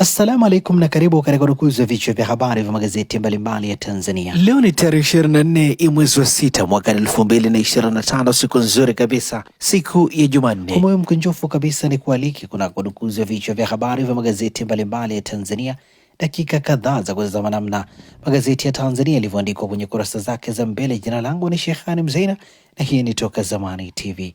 Assalamu alaikum na karibu katika udukuzi wa vichwa vya habari vya magazeti mbalimbali ya Tanzania. Leo ni tarehe 24 ya mwezi wa sita mwaka tano siku nzuri kabisa, siku ya Jumanne. Kwa moyo mkunjofu kabisa ni kualiki kuna udukuzi wa vichwa vya habari vya magazeti mbalimbali ya Tanzania, dakika kadhaa za kutazama namna magazeti ya Tanzania yalivyoandikwa kwenye kurasa zake za mbele. Jina langu ni shehani Mzeina na hii ni Toka Zamani TV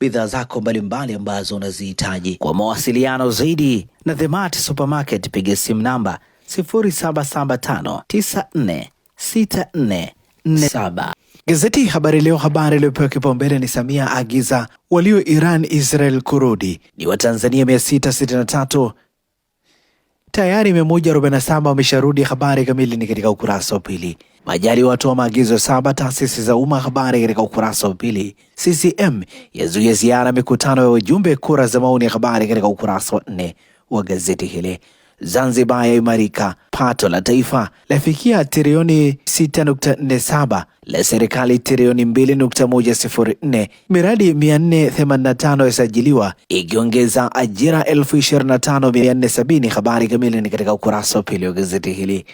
bidhaa zako mbalimbali ambazo unazihitaji. Kwa mawasiliano zaidi na The Mart Supermarket, piga simu namba 0775946447. Gazeti Habari Leo, habari iliyopewa kipaumbele ni Samia agiza walio Iran Israel kurudi, ni Watanzania 663 tayari 147 wamesharudi. Habari kamili ni katika ukurasa wa pili. Majaliwa watoa maagizo saba taasisi za umma. Habari katika ukurasa wa pili. CCM yazuia ziara mikutano ya wajumbe kura za maoni. Habari katika ukurasa wa nne wa gazeti hili. Zanzibar yaimarika, pato la taifa lafikia trilioni 6.47 la serikali trilioni 2.104. Miradi 485 yasajiliwa ikiongeza ajira 25470. Habari kamili ni katika ukurasa wa pili wa gazeti hili.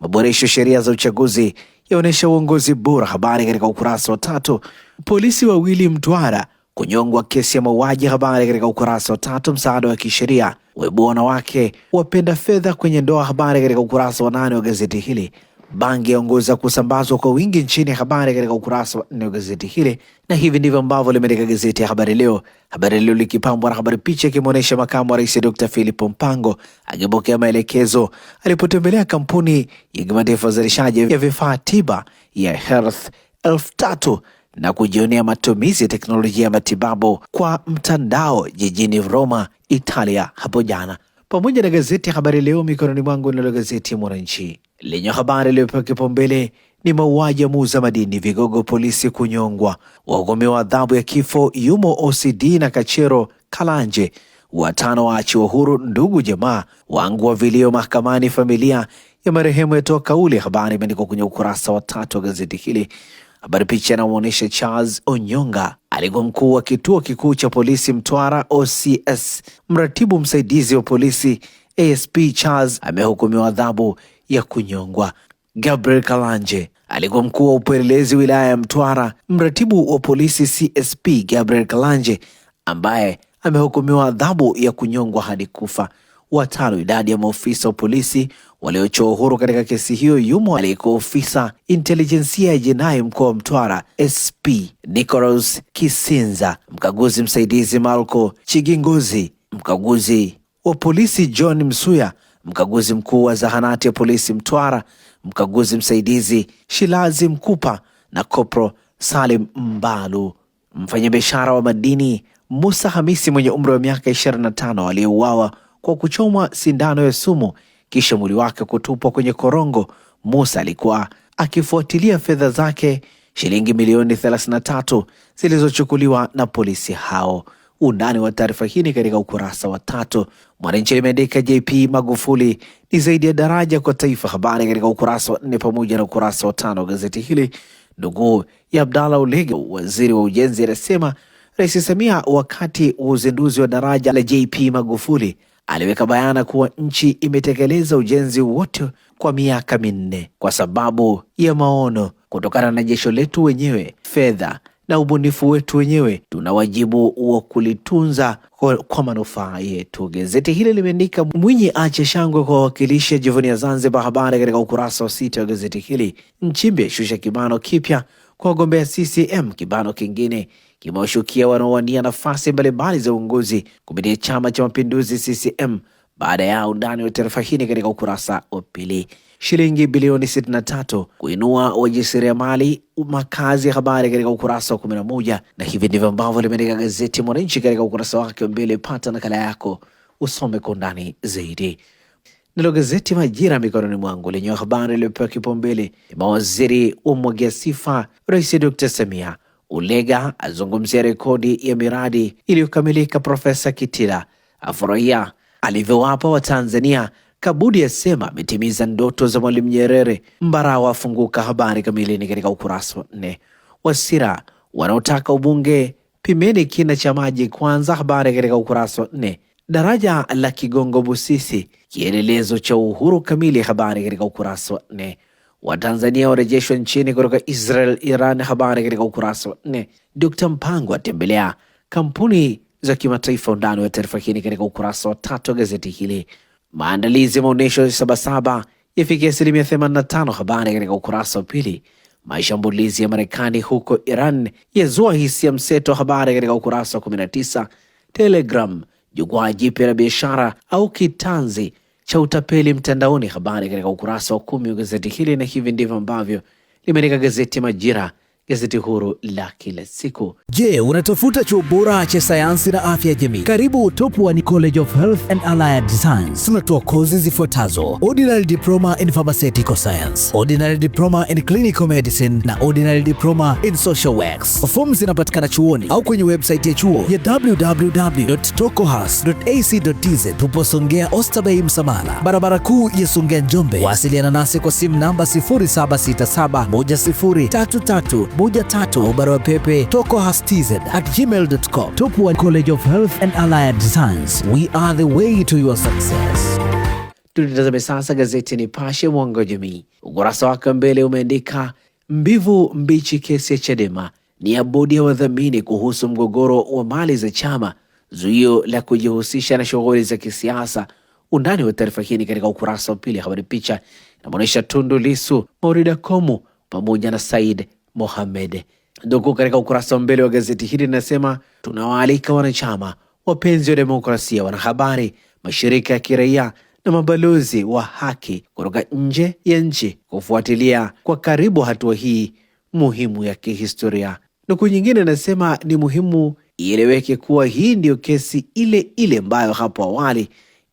Maboresho sheria za uchaguzi yaonyesha uongozi bora, habari katika ukurasa wa tatu. Polisi wawili Mtwara kunyongwa kesi ya mauaji, habari katika ukurasa wa tatu. Msaada wa kisheria waibua wanawake wapenda fedha kwenye ndoa, habari katika ukurasa wa nane wa gazeti hili. Bangi yaongoza kusambazwa kwa wingi nchini, habari katika ukurasa wa nne wa gazeti hili, na hivi ndivyo ambavyo limeandika gazeti ya Habari Leo. Habari Leo likipambwa na habari picha ikimwonyesha makamu wa rais Dr. Philip Mpango akipokea maelekezo alipotembelea kampuni ya kimataifa uzalishaji ya vifaa tiba ya Health elfu tatu na kujionea matumizi ya teknolojia ya matibabu kwa mtandao jijini Roma, Italia hapo jana, pamoja na gazeti ya Habari Leo mikononi mwangu, linalo gazeti Mwananchi lenye habari iliyopewa kipaumbele ni mauaji ya muuza madini, vigogo polisi kunyongwa, wahukumiwa adhabu ya kifo yumo OCD na Kachero Kalanje, watano waachiwa huru, ndugu jamaa wa vilio mahakamani, familia ya marehemu yatoa kauli. Habari imeandikwa kwenye ukurasa wa tatu wa gazeti hili. Habari picha inamwonyesha Charles Onyonga alikuwa mkuu wa kituo kikuu cha polisi Mtwara OCS, mratibu msaidizi wa polisi ASP Charles amehukumiwa adhabu ya kunyongwa. Gabriel Kalanje alikuwa mkuu wa upelelezi wilaya ya Mtwara. Mratibu wa polisi CSP Gabriel Kalanje ambaye amehukumiwa adhabu ya kunyongwa hadi kufa. Watano idadi ya maofisa wa polisi waliochoa uhuru katika kesi hiyo yumo aliyekuwa ofisa intelijensia ya jinai mkoa wa Mtwara SP Nicholas Kisinza, mkaguzi msaidizi Marco Chigingozi, mkaguzi wa polisi John Msuya mkaguzi mkuu wa zahanati ya polisi Mtwara, mkaguzi msaidizi Shilazi Mkupa na kopro Salim Mbalu. Mfanyabiashara wa madini Musa Hamisi mwenye umri wa miaka 25 aliyeuawa kwa kuchomwa sindano ya sumu kisha mwili wake kutupwa kwenye korongo. Musa alikuwa akifuatilia fedha zake shilingi milioni 33 zilizochukuliwa na polisi hao. Undani wa taarifa hii ni katika ukurasa wa tatu. Mwananchi limeandika JP Magufuli ni zaidi ya daraja kwa taifa, habari katika ukurasa wa nne pamoja na ukurasa wa tano wa gazeti hili. Ndugu ya Abdalla Ulega, waziri wa ujenzi, anasema Rais Samia wakati wa uzinduzi wa daraja la JP Magufuli aliweka bayana kuwa nchi imetekeleza ujenzi wote kwa miaka minne kwa sababu ya maono kutokana na jesho letu wenyewe, fedha na ubunifu wetu wenyewe, tuna wajibu wa kulitunza kwa manufaa yetu. Gazeti hili limeandika Mwinyi ache shangwe kwa wawakilishi ya ya Zanzibar. Habari katika ukurasa wa sita wa gazeti hili. Nchimbi shusha kibano kipya kwa wagombea CCM. Kibano kingine kimewashukia wanaowania nafasi mbalimbali za uongozi kupitia Chama cha Mapinduzi CCM. Baada ya undani wa taarifa hini katika ukurasa wa pili shilingi bilioni 63 kuinua wajasiriamali makazi ya habari katika ukurasa wa 11. Na hivi ndivyo ambavyo limeandika gazeti Mwananchi katika ukurasa wake wa mbele. Pata nakala yako usome kwa undani zaidi. Nalo gazeti Majira mikononi mwangu lenye habari iliyopewa kipaumbele ni mawaziri wamwagia sifa Rais Dr Samia. Ulega azungumzia rekodi ya miradi iliyokamilika. Profesa Kitila afurahia alivyowapa Watanzania Kabudi asema ametimiza ndoto za Mwalimu Nyerere. Mbarawa afunguka. Habari kamili ni katika ukurasa wa nne. Wasira wanaotaka ubunge, pimeni kina cha maji kwanza. Habari katika ukurasa wa nne. Daraja la Kigongo Busisi, kielelezo cha uhuru kamili. Habari katika ukurasa wa nne. Watanzania warejeshwa nchini kutoka Israel, Iran. Habari katika ukurasa wa nne. Dkt Mpango atembelea kampuni za kimataifa. Undani wa taarifa hii katika ukurasa wa tatu wa gazeti hili. Maandalizi ya maonyesho ya Sabasaba yafikia asilimia 85. Habari katika ukurasa wa pili. Mashambulizi ya Marekani huko Iran yazua hisia mseto habari katika ukurasa wa 19. Telegram jukwaa jipya la biashara au kitanzi cha utapeli mtandaoni, habari katika ukurasa wa kumi wa gazeti hili, na hivi ndivyo ambavyo limeandika gazeti Majira gazeti huru la kila siku. Je, unatafuta chuo bora cha sayansi na afya ya jamii? Karibu Top One College of Health and Allied Science. Tunatoa kozi zifuatazo: ordinary diploma in pharmaceutical science, ordinary diploma in clinical medicine na ordinary diploma in social works. Fomu zinapatikana chuoni au kwenye website ya chuo ya www.tokohas.ac.tz. Tupo Songea Oysterbay Msamala, barabara kuu ya Songea Njombe. Wasiliana nasi kwa simu namba 07671033 moja tatu, au barua pepe at tokohastz@gmail.com. Tupwa College of Health and Allied Science, we are the way to your success. Tulitazame sasa gazeti Nipashe mwanga wa jamii, ukurasa wake mbele umeandika mbivu mbichi, kesi ya Chadema ni ya bodi ya wadhamini kuhusu mgogoro wa mali za chama, zuio la kujihusisha na shughuli za kisiasa. Undani wa taarifa hii ni katika ukurasa wa pili. Habari picha inamwonyesha Tundu Lisu, Maurida Komu pamoja na Said Mohamed. Ndugu, katika ukurasa wa mbele wa gazeti hili linasema tunawaalika wanachama, wapenzi wa demokrasia, wanahabari, mashirika ya kiraia na mabalozi wa haki kutoka nje ya nchi kufuatilia kwa karibu hatua hii muhimu ya kihistoria. Nukuu nyingine inasema ni muhimu ieleweke kuwa hii ndiyo kesi ile ile ambayo hapo awali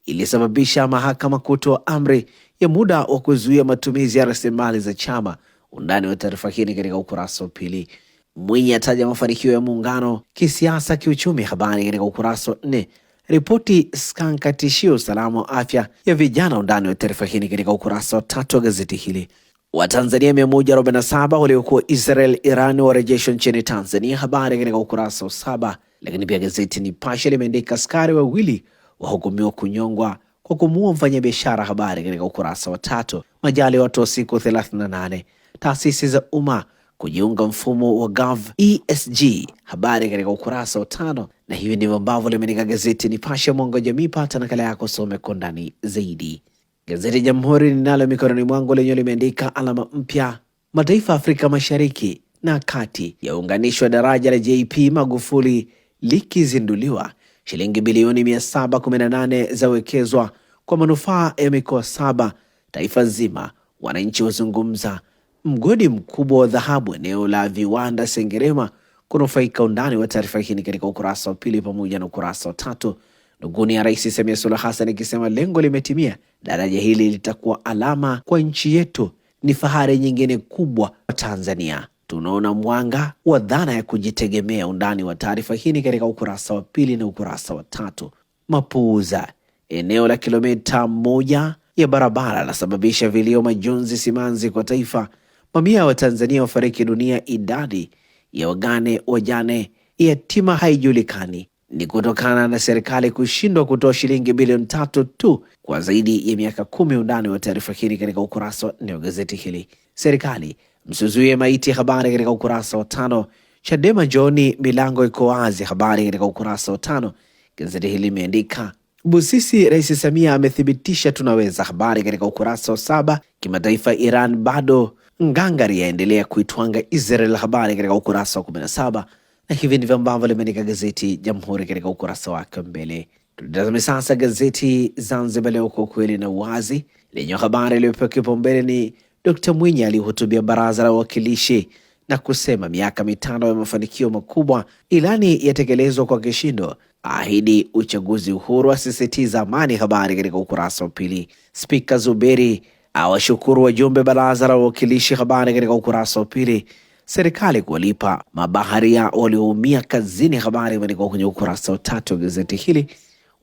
ilisababisha mahakama kutoa amri ya muda wa kuzuia matumizi ya rasilimali za chama Undani wa taarifa hii ni katika ukurasa wa pili. Mwinyi ataja mafanikio ya muungano kisiasa, kiuchumi. Habari katika ukurasa wa nne. Ripoti skanka tishio usalama wa afya ya vijana. Undani wa taarifa hii ni katika ukurasa wa tatu wa gazeti hili. Watanzania 147 waliokuwa Israel Iran warejeshwa nchini Tanzania. Habari katika ukurasa wa saba. Lakini pia gazeti Nipashe limeandika askari wawili wahukumiwa kunyongwa kwa kumuua mfanyabiashara. Habari katika ukurasa wa tatu. Majali watu wa siku 38 taasisi za umma kujiunga mfumo wa Gov ESG. Habari katika ukurasa wa tano, na hivi ndivyo ambavyo limeandika gazeti Nipashe mwanga wa jamii. Pata nakala yako, some kwa ndani zaidi. Gazeti Jamhuri ninalo mikononi mwangu, lenyewe limeandika alama mpya, mataifa ya Afrika Mashariki na kati yaunganishwa, daraja la JP Magufuli likizinduliwa, shilingi bilioni 718 zawekezwa kwa manufaa ya mikoa saba taifa nzima, wananchi wazungumza mgodi mkubwa wa dhahabu eneo la viwanda Sengerema kunufaika. Undani wa taarifa hii ni katika ukurasa wa pili pamoja na ukurasa wa tatu. Nuguni ya Rais Samia Suluhu Hassan ikisema lengo limetimia, daraja hili litakuwa alama kwa nchi yetu, ni fahari nyingine kubwa kwa Tanzania. Tunaona mwanga wa dhana ya kujitegemea. Undani wa taarifa hii ni katika ukurasa wa pili na ukurasa wa tatu. Mapuuza, eneo la kilomita moja ya barabara lasababisha vilio, majonzi, simanzi kwa taifa Mamia ya Watanzania wafariki dunia, idadi ya wagane wajane yatima haijulikani. Ni kutokana na serikali kushindwa kutoa shilingi bilioni tatu tu kwa zaidi ya miaka kumi. Undani wa taarifa hii katika ukurasa wa nne wa gazeti hili. Serikali msuzuie maiti, habari katika ukurasa wa tano. Chadema Joni, milango iko wazi, habari katika ukurasa wa tano. Gazeti hili limeandika Busisi, Rais Samia amethibitisha tunaweza, habari katika ukurasa wa saba. Kimataifa, Iran bado Ngangari yaendelea kuitwanga Israel habari katika ukurasa wa 17 na hivi ndivyo ambavyo limeandika gazeti Jamhuri katika ukurasa wake mbele. Tutazame sasa gazeti Zanzibar Leo, kwa kweli na uwazi, lenye habari iliyopewa kipaumbele ni Dkt Mwinyi alihutubia baraza la wawakilishi na kusema miaka mitano ya mafanikio makubwa, ilani yatekelezwa kwa kishindo, ahidi uchaguzi uhuru, asisitiza amani. Habari katika ukurasa wa pili. Spika Zuberi awashukuru wajumbe baraza la wawakilishi. Habari katika ukurasa wa pili. Serikali kuwalipa mabaharia walioumia kazini, habari imeandikwa kwenye ukurasa wa tatu wa gazeti hili.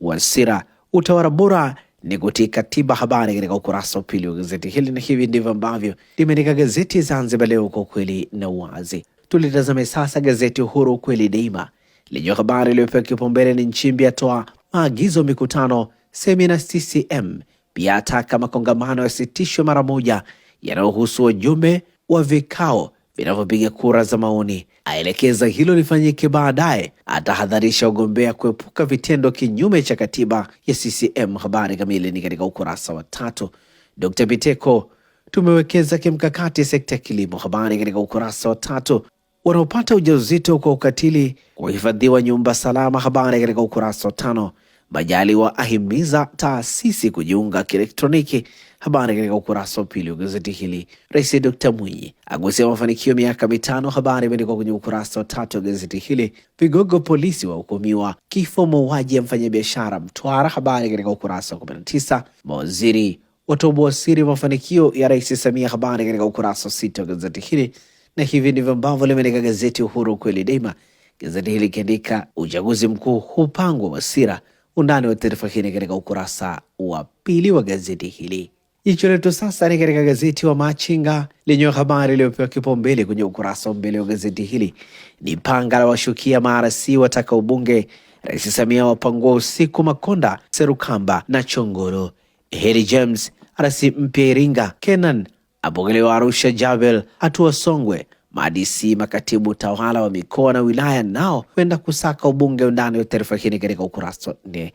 Wasira, utawala bora ni kutii katiba, habari katika ukurasa wa pili wa gazeti hili. Na hivi ndivyo ambavyo limeandika gazeti Zanzibar Leo, kwa ukweli na uwazi. Tulitazame sasa gazeti Uhuru, ukweli daima, lenye habari iliyopewa kipaumbele ni Nchimbi atoa maagizo mikutano semina CCM pia ataka makongamano yasitishwe mara moja yanayohusu wajumbe wa vikao vinavyopiga kura za maoni. Aelekeza hilo lifanyike baadaye. Atahadharisha wagombea kuepuka vitendo kinyume cha katiba ya CCM. Habari kamili ni katika ukurasa wa tatu. Dr. Biteko, tumewekeza kimkakati sekta ya kilimo. Habari katika ukurasa wa tatu. Wanaopata ujauzito kwa ukatili kuhifadhiwa nyumba salama. Habari katika ukurasa wa tano. Majaliwa ahimiza taasisi kujiunga kielektroniki. Habari katika ukurasa wa pili wa gazeti hili. Rais Dr Mwinyi agusia mafanikio miaka mitano. Habari imeandikwa kwenye ukurasa wa tatu wa gazeti hili. Vigogo polisi wahukumiwa kifo mauaji ya mfanyabiashara Mtwara. Habari katika ukurasa wa kumi na tisa. Mawaziri watoboa siri mafanikio ya Rais Samia. Habari katika ukurasa wa sita wa gazeti hili, na hivi ndivyo ambavyo limeandika gazeti Uhuru kweli daima, gazeti hili ikiandika uchaguzi mkuu hupangwa Wasira Undani wa taarifa hii ni katika ukurasa wa pili wa gazeti hili. Jicho letu sasa ni katika gazeti wa Machinga lenye habari iliyopewa kipaumbele kwenye ukurasa wa mbele wa gazeti hili ni panga la washukia maarasi wataka ubunge, Rais Samia wapangua usiku Makonda, Serukamba na Chongoro, Heri James arasi mpya Iringa, Kenan apokelewa Arusha, Jabel hatua Songwe Madisi makatibu tawala wa mikoa na wilaya nao kwenda kusaka ubunge. Undani wa taarifa hii katika ukurasa wa nne.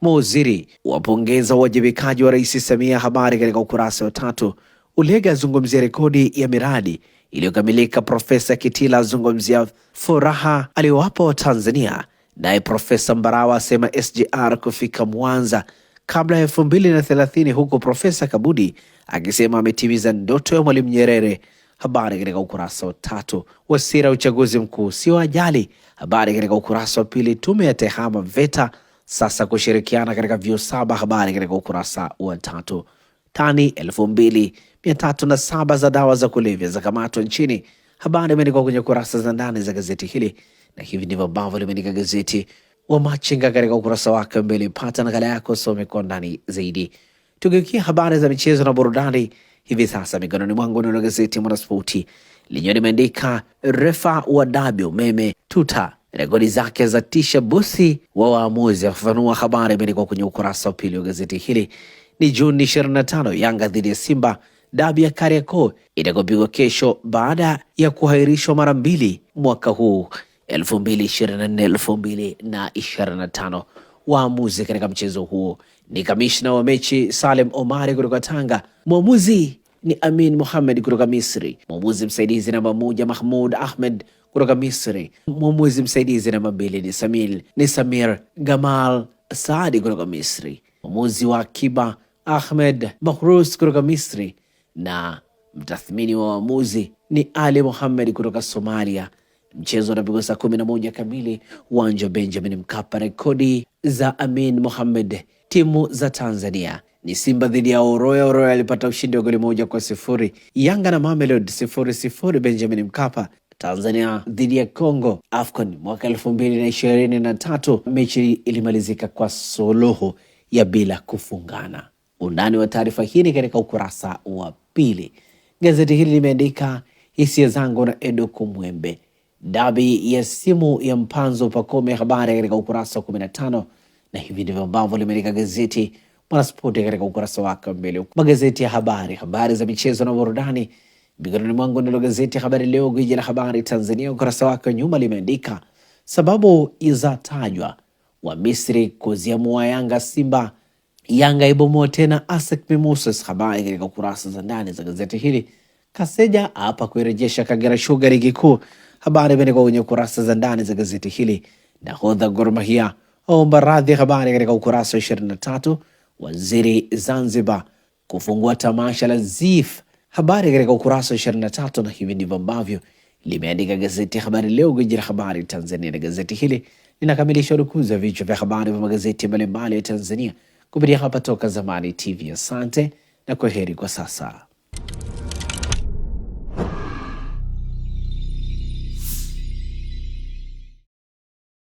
Mawaziri wapongeza uwajibikaji wa Rais Samia, habari katika ukurasa wa tatu. Ulega azungumzia rekodi ya miradi iliyokamilika. Profesa Kitila azungumzia furaha aliyowapa Watanzania, naye Profesa Mbarawa asema SGR kufika Mwanza kabla ya elfu mbili na thelathini, huku Profesa Kabudi akisema ametimiza ndoto ya Mwalimu Nyerere habari katika ukurasa wa tatu. Wasira ya uchaguzi mkuu sio ajali, habari katika ukurasa wa pili. Tume ya tehama VETA sasa kushirikiana katika vyuo saba, habari katika ukurasa wa tatu. Tani elfu mbili mia tatu na saba za dawa za kulevya zakamatwa nchini, habari imeandikwa kwenye kurasa za ndani za gazeti hili, na hivi ndivyo ambavyo limeandika gazeti wa Machinga katika ukurasa wake mbele. Pata nakala yako, some kwa ndani zaidi. Tugeukia habari za michezo na burudani hivi sasa mikononi mwangu nalo gazeti Mwanaspoti lenyewe limeandika refa wa dabi umeme tuta rekodi zake za tisha, bosi wa waamuzi afafanua. Habari imeandikwa kwenye ukurasa wa pili wa gazeti hili. Ni Juni 25 Yanga dhidi ya Simba, dabi ya Kariakoo itakopigwa kesho baada ya kuhairishwa mara mbili mwaka huu 2024 2025 waamuzi katika mchezo huo ni kamishna wa mechi Salem Omari kutoka Tanga, mwamuzi ni Amin muhamed kutoka Misri, mwamuzi msaidizi namba moja Mahmud Ahmed kutoka Misri, mwamuzi msaidizi namba mbili ni Samil ni Samir Gamal Saadi kutoka Misri, mwamuzi wa akiba Ahmed mahrus kutoka Misri na mtathmini wa waamuzi ni Ali muhamed kutoka Somalia. Mchezo unapigwa saa kumi na moja kamili uwanja wa Benjamin Mkapa. Rekodi za Amin Mohamed. Timu za Tanzania ni Simba dhidi ya Oroya. Oroya alipata ushindi wa goli moja kwa sifuri. Yanga na Mamelodi sifuri sifuri Benjamin Mkapa. Tanzania dhidi ya Congo AFCON mwaka elfu mbili na ishirini na tatu mechi ilimalizika kwa suluhu ya bila kufungana. Undani wa taarifa hii ni katika ukurasa wa pili. Gazeti hili limeandika hisia zangu na Edo Kumwembe, dabi ya simu ya Mpanzo Pakome, habari katika ukurasa wa 15. Na hivi ndivyo ambavyo limeandika gazeti Mwanaspoti katika ukurasa wake wa mbele. Magazeti ya habari, habari za michezo na burudani mikononi mwangu, ndilo gazeti Habari Leo, gwiji la habari Tanzania. Ukurasa wake wa nyuma limeandika sababu izatajwa, wa Misri kuziamua Yanga, Simba Yanga ibomoa tena ASEC Mimosas. Habari katika ukurasa za ndani za gazeti hili. Kaseja hapa kuirejesha Kagera Sugar ligi kuu Habari imeandikwa kwenye kurasa za ndani za gazeti hili. Nahodha Gor Mahia aomba radhi, habari katika ukurasa wa 23. Waziri Zanzibar kufungua tamasha la ZIF, habari katika ukurasa wa 23, na hivi ndivyo ambavyo limeandika gazeti Habari Leo, gwiji la habari Tanzania, na gazeti hili linakamilisha udukuzi wa vichwa vya habari vya magazeti mbalimbali ya Tanzania kupitia hapa Toka Zamani TV. Asante na kwaheri kwa sasa.